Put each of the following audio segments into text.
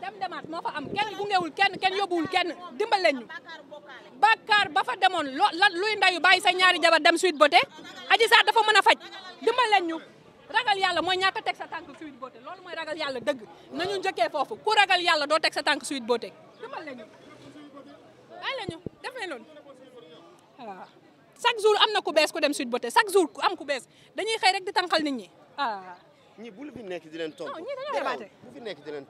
dem demaat moo fa am kenn gungewul kenn kenn yóbbuwul kenn dimbal leen ñu bàkkaar ba fa demoon loo lan luy ndayu bàyyi sa ñaari jabar dem suite bote aji saar dafa mën a faj dimbal leen ñu ragal yàlla mooy ñàkk a teg sa tànk suite bote loolu mooy ragal yàlla dëgg nañu jëkkee foofu ku ragal yàlla doo teg sa tànk suite boote dimbal leen ñu bàyyi leen ñu def leen loolu waaw chaque jour am na ku bees ku dem suite bote chaque jour am ku bees dañuy xëy rek di tànqal nit ñi ah bu nekk di leen tontu ñi dañoo rabaate fi nekk di leen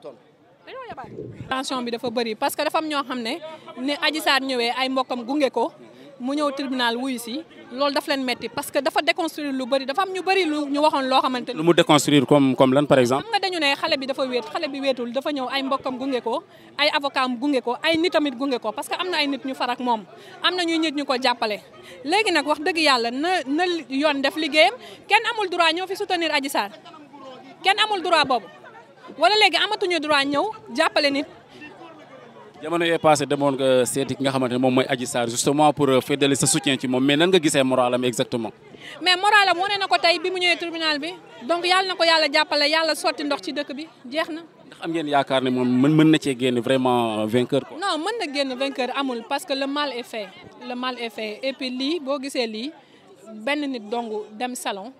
tension bi dafa bëri parce que dafa am ñoo xam ne ne Adji Sarr ñëwee ay mbokkam gunge ko mu ñëw tribunal wuyu si loolu daf leen metti parce que dafa déconstruire lu bëri dafa am ñu bëri lu ñu waxoon loo xamante lu mu déconstruire comme comme lan par exemple. xam ne xale bi dafa wéet xale bi wéetul dafa ñëw ay mbokkam gunge ko ay gunge ko ay nitamit gunge ko parce que am na ay nit ñu farak moom am na ñuy nit ñu ko jàppale. léegi nag wax dëgg yàlla na na yoon def liggéeyam kenn amul droit ñoo fi soutenir Adji Sarr kenn amul droit boobu. wala léegi amatuñu droit ñëw jàppale nit. jamono yee passé demoon nga seeti ki nga xamante ne moom mooy Adji Sarr justement pour euh, fédérer sa soutien ci moom mais nan nga gisee moralam exactement. mais moralam wane na ko tey bi mu ñëwee tribunal bi donc yàlla na ko yàlla jàppale yàlla sotti ndox ci dëkk bi jeex na. ndax am ngeen yaakaar ne moom mën mën na cee génn vraiment euh, vainqueur quoi. non mën na génn vainqueur amul parce que le mal est fait le mal effet fait et boo gisee lii benn nit dong dem salon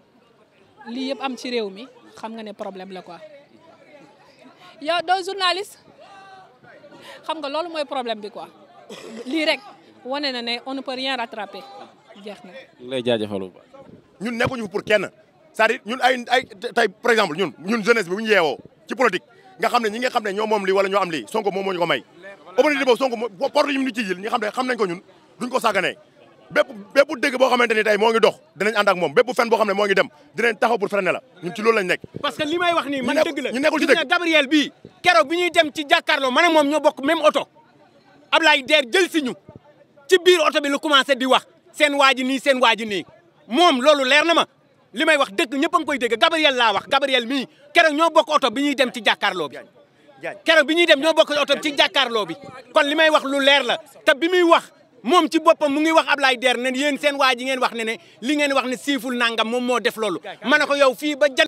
lii yëpp am ci réew mi xam nga ne problème la quoi. yow doo journaliste xam nga loolu mooy problème bi quoi lii rek wane na ne on ne peut rien rattraper jeex na. lay jaajëfal ñun nekkuñu pour kenn c'est-à-dire ñun ay ay tey par exemple ñun ñun jeunesse bi bu ñu yeewoo ci politique nga xam ne ñi nga xam ne ñoo moom lii wala ñoo am lii Sonko moom moo ñu ko may. opportunité boobu Sonko moo porte yi ci jël ñi xam ne xam nañ ko ñun duñ ko sàgganee. bépp bépp dëgg boo xamante ni tey moo ngi dox dinañ ànd ak moom bépp fen boo xam moo ngi dem dinañ taxaw pour freiner la ñun ci loolu lañ nekk parce que li may wax nii man dëgg la ñu nekkul ci dëgg Gabriel bi ñuy dem ci jàkkaarloo man ak moom ñoo bokk même oto Ablaye Der jël si ñu ci biir oto bi lu commencé di wax seen waa ji seen waa ji nii moom loolu leer na ma li may wax dëgg ñëpp a ngi koy dégg Gabriel laa wax Gabriel mii keroog ñoo bokk oto bi ñuy dem ci jàkkaarloo bi keroog bi ñuy dem ñoo bokk oto ci jàkkaarloo bi kon li may wax lu leer la te bi muy wax moom ci boppam mu ngi wax Ablaye Der ne yéen seen waa ji ngeen wax ne ne li ngeen wax ne siiful nangam moom moo def loolu. ma ne ko yow fii ba